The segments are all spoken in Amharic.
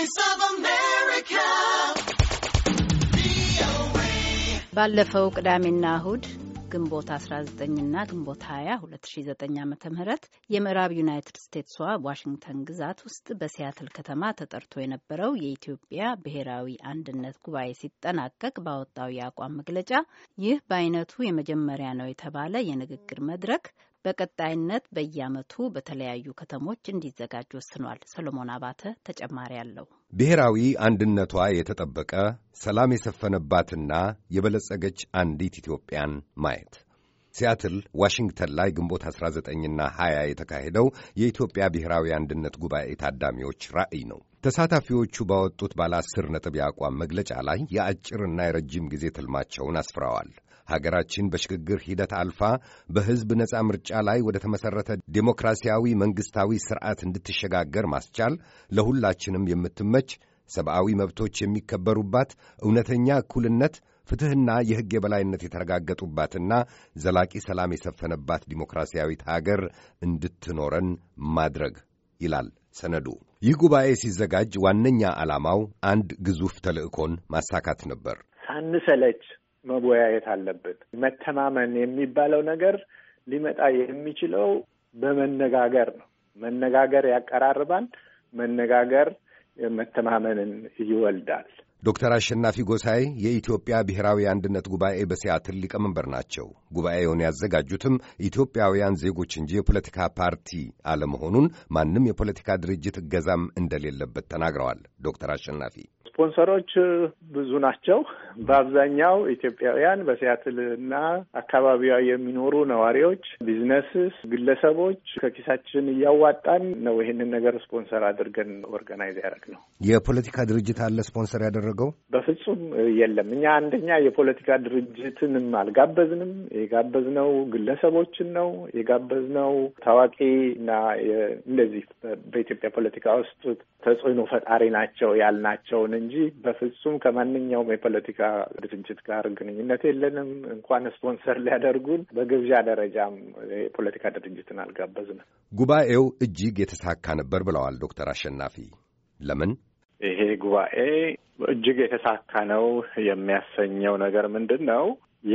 Voice of America. ባለፈው ቅዳሜና እሁድ ግንቦት 19ና ግንቦት 20 2009 ዓ.ም የምዕራብ ዩናይትድ ስቴትስዋ ዋሽንግተን ግዛት ውስጥ በሲያትል ከተማ ተጠርቶ የነበረው የኢትዮጵያ ብሔራዊ አንድነት ጉባኤ ሲጠናቀቅ ባወጣው የአቋም መግለጫ ይህ በአይነቱ የመጀመሪያ ነው የተባለ የንግግር መድረክ በቀጣይነት በየዓመቱ በተለያዩ ከተሞች እንዲዘጋጅ ወስኗል። ሰሎሞን አባተ ተጨማሪ አለው። ብሔራዊ አንድነቷ የተጠበቀ ሰላም የሰፈነባትና የበለጸገች አንዲት ኢትዮጵያን ማየት ሲያትል ዋሽንግተን ላይ ግንቦት 19ና 20 የተካሄደው የኢትዮጵያ ብሔራዊ አንድነት ጉባኤ ታዳሚዎች ራዕይ ነው። ተሳታፊዎቹ ባወጡት ባለ አስር ነጥብ የአቋም መግለጫ ላይ የአጭርና የረጅም ጊዜ ትልማቸውን አስፍረዋል። ሀገራችን በሽግግር ሂደት አልፋ በሕዝብ ነጻ ምርጫ ላይ ወደ ተመሠረተ ዴሞክራሲያዊ መንግሥታዊ ሥርዓት እንድትሸጋገር ማስቻል ለሁላችንም የምትመች ሰብአዊ መብቶች የሚከበሩባት እውነተኛ እኩልነት ፍትሕና የሕግ የበላይነት የተረጋገጡባትና ዘላቂ ሰላም የሰፈነባት ዲሞክራሲያዊት ሀገር እንድትኖረን ማድረግ ይላል ሰነዱ። ይህ ጉባኤ ሲዘጋጅ ዋነኛ ዓላማው አንድ ግዙፍ ተልዕኮን ማሳካት ነበር። ሳንሰለች መወያየት አለብን። መተማመን የሚባለው ነገር ሊመጣ የሚችለው በመነጋገር ነው። መነጋገር ያቀራርባል። መነጋገር መተማመንን ይወልዳል። ዶክተር አሸናፊ ጎሳይ የኢትዮጵያ ብሔራዊ አንድነት ጉባኤ በሲያትል ሊቀመንበር ናቸው። ጉባኤውን ያዘጋጁትም ኢትዮጵያውያን ዜጎች እንጂ የፖለቲካ ፓርቲ አለመሆኑን ማንም የፖለቲካ ድርጅት እገዛም እንደሌለበት ተናግረዋል። ዶክተር አሸናፊ ስፖንሰሮች ብዙ ናቸው። በአብዛኛው ኢትዮጵያውያን በሲያትል እና አካባቢዋ የሚኖሩ ነዋሪዎች፣ ቢዝነስስ፣ ግለሰቦች ከኪሳችን እያዋጣን ነው ይህንን ነገር ስፖንሰር አድርገን ኦርጋናይዝ ያደረግ ነው። የፖለቲካ ድርጅት አለ ስፖንሰር ያደረገው በፍጹም የለም። እኛ አንደኛ የፖለቲካ ድርጅትንም አልጋበዝንም። የጋበዝነው ግለሰቦችን ነው የጋበዝነው ታዋቂ እና እንደዚህ በኢትዮጵያ ፖለቲካ ውስጥ ተጽዕኖ ፈጣሪ ናቸው ያልናቸውን እንጂ በፍጹም ከማንኛውም የፖለቲካ ድርጅት ጋር ግንኙነት የለንም። እንኳን ስፖንሰር ሊያደርጉን በግብዣ ደረጃም የፖለቲካ ድርጅትን አልጋበዝንም። ጉባኤው እጅግ የተሳካ ነበር ብለዋል ዶክተር አሸናፊ። ለምን ይሄ ጉባኤ እጅግ የተሳካ ነው የሚያሰኘው ነገር ምንድን ነው?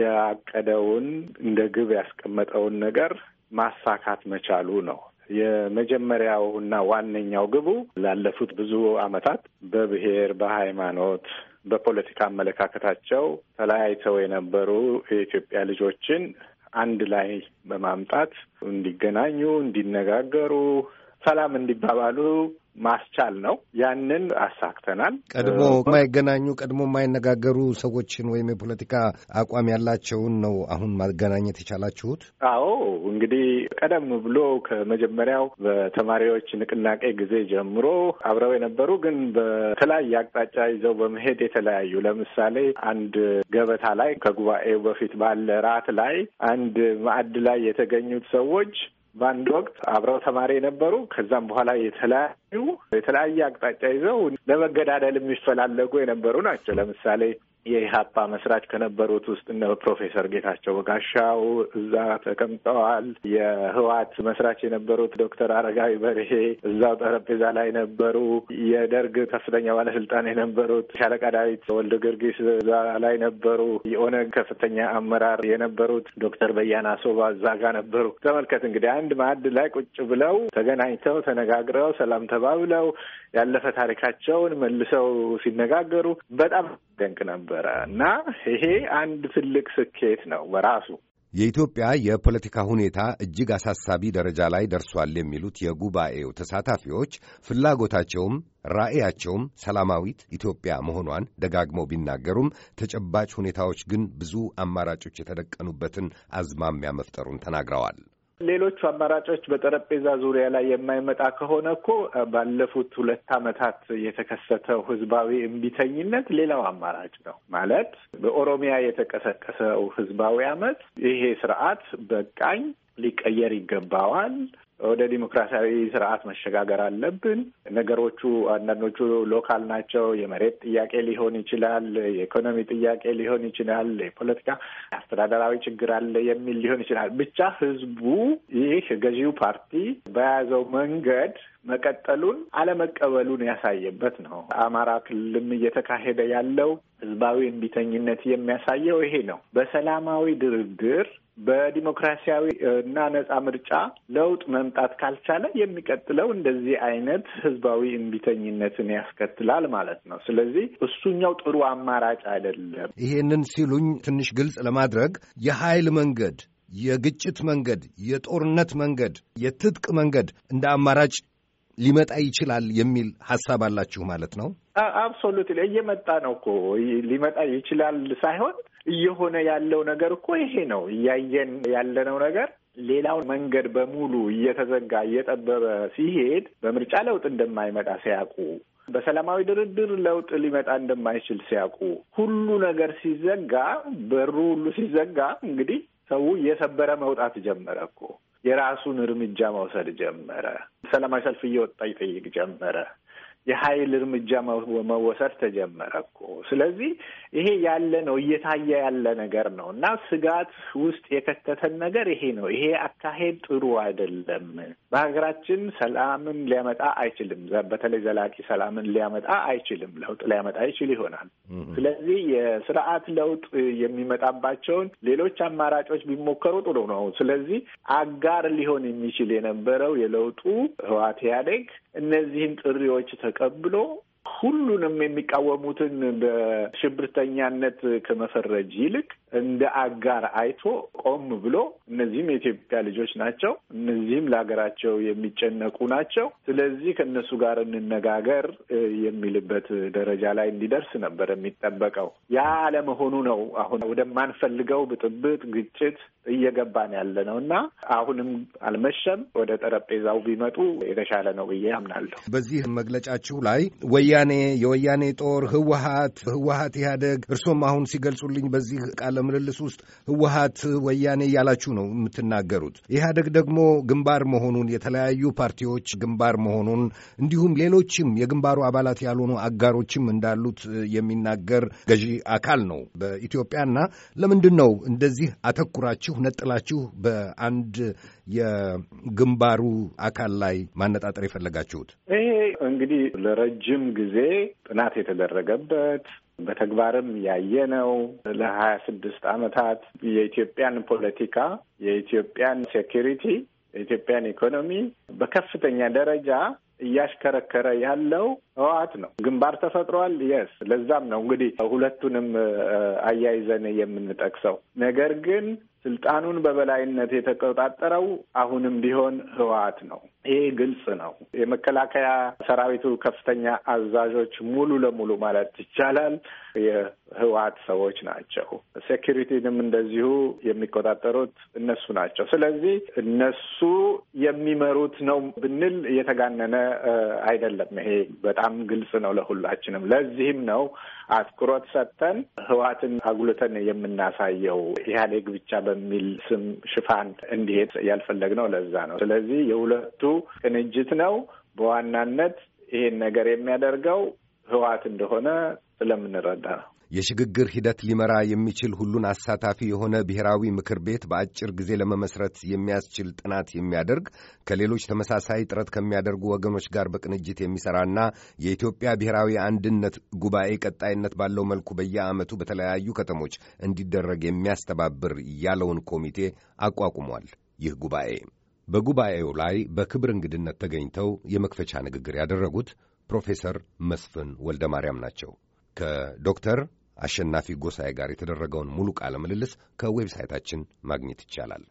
ያቀደውን እንደ ግብ ያስቀመጠውን ነገር ማሳካት መቻሉ ነው። የመጀመሪያውና ዋነኛው ግቡ ላለፉት ብዙ ዓመታት በብሔር በሃይማኖት በፖለቲካ አመለካከታቸው ተለያይተው የነበሩ የኢትዮጵያ ልጆችን አንድ ላይ በማምጣት እንዲገናኙ፣ እንዲነጋገሩ ሰላም እንዲባባሉ ማስቻል ነው። ያንን አሳክተናል። ቀድሞ የማይገናኙ ቀድሞ የማይነጋገሩ ሰዎችን ወይም የፖለቲካ አቋም ያላቸውን ነው አሁን ማገናኘት የቻላችሁት? አዎ እንግዲህ ቀደም ብሎ ከመጀመሪያው በተማሪዎች ንቅናቄ ጊዜ ጀምሮ አብረው የነበሩ ግን በተለያየ አቅጣጫ ይዘው በመሄድ የተለያዩ ለምሳሌ አንድ ገበታ ላይ ከጉባኤው በፊት ባለ ራት ላይ አንድ ማዕድ ላይ የተገኙት ሰዎች በአንድ ወቅት አብረው ተማሪ የነበሩ ከዛም በኋላ የተለያዩ የተለያየ አቅጣጫ ይዘው ለመገዳደል የሚፈላለጉ የነበሩ ናቸው። ለምሳሌ የኢህአፓ መስራች ከነበሩት ውስጥ እነ ፕሮፌሰር ጌታቸው ጋሻው እዛ ተቀምጠዋል። የህዋት መስራች የነበሩት ዶክተር አረጋዊ በርሄ እዛው ጠረጴዛ ላይ ነበሩ። የደርግ ከፍተኛ ባለስልጣን የነበሩት ሻለቃ ዳዊት ወልደ ጊዮርጊስ እዛ ላይ ነበሩ። የኦነግ ከፍተኛ አመራር የነበሩት ዶክተር በያና ሶባ እዛ ጋር ነበሩ። ተመልከት እንግዲህ አንድ ማዕድ ላይ ቁጭ ብለው ተገናኝተው ተነጋግረው ሰላም ተባብለው ያለፈ ታሪካቸውን መልሰው ሲነጋገሩ በጣም ደንቅ ነበረ እና ይሄ አንድ ትልቅ ስኬት ነው በራሱ። የኢትዮጵያ የፖለቲካ ሁኔታ እጅግ አሳሳቢ ደረጃ ላይ ደርሷል የሚሉት የጉባኤው ተሳታፊዎች ፍላጎታቸውም ራዕያቸውም ሰላማዊት ኢትዮጵያ መሆኗን ደጋግመው ቢናገሩም ተጨባጭ ሁኔታዎች ግን ብዙ አማራጮች የተደቀኑበትን አዝማሚያ መፍጠሩን ተናግረዋል። ሌሎቹ አማራጮች በጠረጴዛ ዙሪያ ላይ የማይመጣ ከሆነ እኮ ባለፉት ሁለት አመታት የተከሰተው ህዝባዊ እምቢተኝነት ሌላው አማራጭ ነው። ማለት በኦሮሚያ የተቀሰቀሰው ህዝባዊ አመት ይሄ ስርዓት በቃኝ ሊቀየር ይገባዋል ወደ ዲሞክራሲያዊ ስርዓት መሸጋገር አለብን። ነገሮቹ አንዳንዶቹ ሎካል ናቸው። የመሬት ጥያቄ ሊሆን ይችላል፣ የኢኮኖሚ ጥያቄ ሊሆን ይችላል፣ የፖለቲካ አስተዳደራዊ ችግር አለ የሚል ሊሆን ይችላል። ብቻ ህዝቡ ይህ ገዢው ፓርቲ በያዘው መንገድ መቀጠሉን አለመቀበሉን ያሳየበት ነው። አማራ ክልልም እየተካሄደ ያለው ህዝባዊ እንቢተኝነት የሚያሳየው ይሄ ነው። በሰላማዊ ድርድር በዲሞክራሲያዊ እና ነጻ ምርጫ ለውጥ መምጣት ካልቻለ የሚቀጥለው እንደዚህ አይነት ህዝባዊ እምቢተኝነትን ያስከትላል ማለት ነው። ስለዚህ እሱኛው ጥሩ አማራጭ አይደለም። ይሄንን ሲሉኝ ትንሽ ግልጽ ለማድረግ የኃይል መንገድ፣ የግጭት መንገድ፣ የጦርነት መንገድ፣ የትጥቅ መንገድ እንደ አማራጭ ሊመጣ ይችላል የሚል ሀሳብ አላችሁ ማለት ነው። አብሶሉት እየመጣ ነው እኮ ሊመጣ ይችላል ሳይሆን እየሆነ ያለው ነገር እኮ ይሄ ነው። እያየን ያለነው ነገር ሌላውን መንገድ በሙሉ እየተዘጋ እየጠበበ ሲሄድ በምርጫ ለውጥ እንደማይመጣ ሲያውቁ፣ በሰላማዊ ድርድር ለውጥ ሊመጣ እንደማይችል ሲያውቁ፣ ሁሉ ነገር ሲዘጋ፣ በሩ ሁሉ ሲዘጋ እንግዲህ ሰው እየሰበረ መውጣት ጀመረ እኮ የራሱን እርምጃ መውሰድ ጀመረ። ሰላማዊ ሰልፍ እየወጣ ይጠይቅ ጀመረ። የኃይል እርምጃ መወሰድ ተጀመረ እኮ። ስለዚህ ይሄ ያለ ነው፣ እየታየ ያለ ነገር ነው እና ስጋት ውስጥ የከተተን ነገር ይሄ ነው። ይሄ አካሄድ ጥሩ አይደለም፣ በሀገራችን ሰላምን ሊያመጣ አይችልም። በተለይ ዘላቂ ሰላምን ሊያመጣ አይችልም። ለውጥ ሊያመጣ ይችል ይሆናል። ስለዚህ የስርዓት ለውጥ የሚመጣባቸውን ሌሎች አማራጮች ቢሞከሩ ጥሩ ነው። ስለዚህ አጋር ሊሆን የሚችል የነበረው የለውጡ ህዋት ኢህአዴግ እነዚህን ጥሪዎች ተቀብሎ ሁሉንም የሚቃወሙትን በሽብርተኛነት ከመፈረጅ ይልቅ እንደ አጋር አይቶ ቆም ብሎ እነዚህም የኢትዮጵያ ልጆች ናቸው፣ እነዚህም ለሀገራቸው የሚጨነቁ ናቸው፣ ስለዚህ ከእነሱ ጋር እንነጋገር የሚልበት ደረጃ ላይ እንዲደርስ ነበር የሚጠበቀው። ያ አለመሆኑ ነው አሁን ወደማንፈልገው ብጥብጥ፣ ግጭት እየገባን ያለ ነው እና አሁንም አልመሸም። ወደ ጠረጴዛው ቢመጡ የተሻለ ነው ብዬ አምናለሁ። በዚህ መግለጫችሁ ላይ ወያ ወያኔ፣ የወያኔ ጦር፣ ህወሀት፣ ህወሀት ኢህአደግ፣ እርሶም አሁን ሲገልጹልኝ በዚህ ቃለ ምልልስ ውስጥ ህወሀት ወያኔ እያላችሁ ነው የምትናገሩት። ኢህአደግ ደግሞ ግንባር መሆኑን የተለያዩ ፓርቲዎች ግንባር መሆኑን እንዲሁም ሌሎችም የግንባሩ አባላት ያልሆኑ አጋሮችም እንዳሉት የሚናገር ገዢ አካል ነው በኢትዮጵያና ለምንድን ነው እንደዚህ አተኩራችሁ ነጥላችሁ በአንድ የግንባሩ አካል ላይ ማነጣጠር የፈለጋችሁት? ይሄ እንግዲህ ለረጅም ጊዜ ጥናት የተደረገበት በተግባርም ያየነው ለሀያ ስድስት ዓመታት የኢትዮጵያን ፖለቲካ፣ የኢትዮጵያን ሴኪሪቲ፣ የኢትዮጵያን ኢኮኖሚ በከፍተኛ ደረጃ እያሽከረከረ ያለው ህወሓት ነው። ግንባር ተፈጥሯል። የስ ለዛም ነው እንግዲህ ሁለቱንም አያይዘን የምንጠቅሰው ነገር ግን ስልጣኑን በበላይነት የተቆጣጠረው አሁንም ቢሆን ህወሓት ነው። ይሄ ግልጽ ነው። የመከላከያ ሰራዊቱ ከፍተኛ አዛዦች ሙሉ ለሙሉ ማለት ይቻላል የህወሓት ሰዎች ናቸው። ሴኪሪቲንም እንደዚሁ የሚቆጣጠሩት እነሱ ናቸው። ስለዚህ እነሱ የሚመሩት ነው ብንል እየተጋነነ አይደለም። ይሄ በጣም ግልጽ ነው ለሁላችንም። ለዚህም ነው አትኩሮት ሰጥተን ህወሓትን አጉልተን የምናሳየው ኢህአዴግ ብቻ በሚል ስም ሽፋን እንዲሄድ ያልፈለግነው ለዛ ነው። ስለዚህ የሁለቱ ቅንጅት ነው በዋናነት ይሄን ነገር የሚያደርገው ህወሓት እንደሆነ ስለምንረዳ ነው። የሽግግር ሂደት ሊመራ የሚችል ሁሉን አሳታፊ የሆነ ብሔራዊ ምክር ቤት በአጭር ጊዜ ለመመስረት የሚያስችል ጥናት የሚያደርግ ከሌሎች ተመሳሳይ ጥረት ከሚያደርጉ ወገኖች ጋር በቅንጅት የሚሰራና የኢትዮጵያ ብሔራዊ አንድነት ጉባኤ ቀጣይነት ባለው መልኩ በየዓመቱ በተለያዩ ከተሞች እንዲደረግ የሚያስተባብር ያለውን ኮሚቴ አቋቁሟል። ይህ ጉባኤ በጉባኤው ላይ በክብር እንግድነት ተገኝተው የመክፈቻ ንግግር ያደረጉት ፕሮፌሰር መስፍን ወልደ ማርያም ናቸው። ከዶክተር አሸናፊ ጎሳዬ ጋር የተደረገውን ሙሉ ቃለ ምልልስ ከዌብሳይታችን ማግኘት ይቻላል።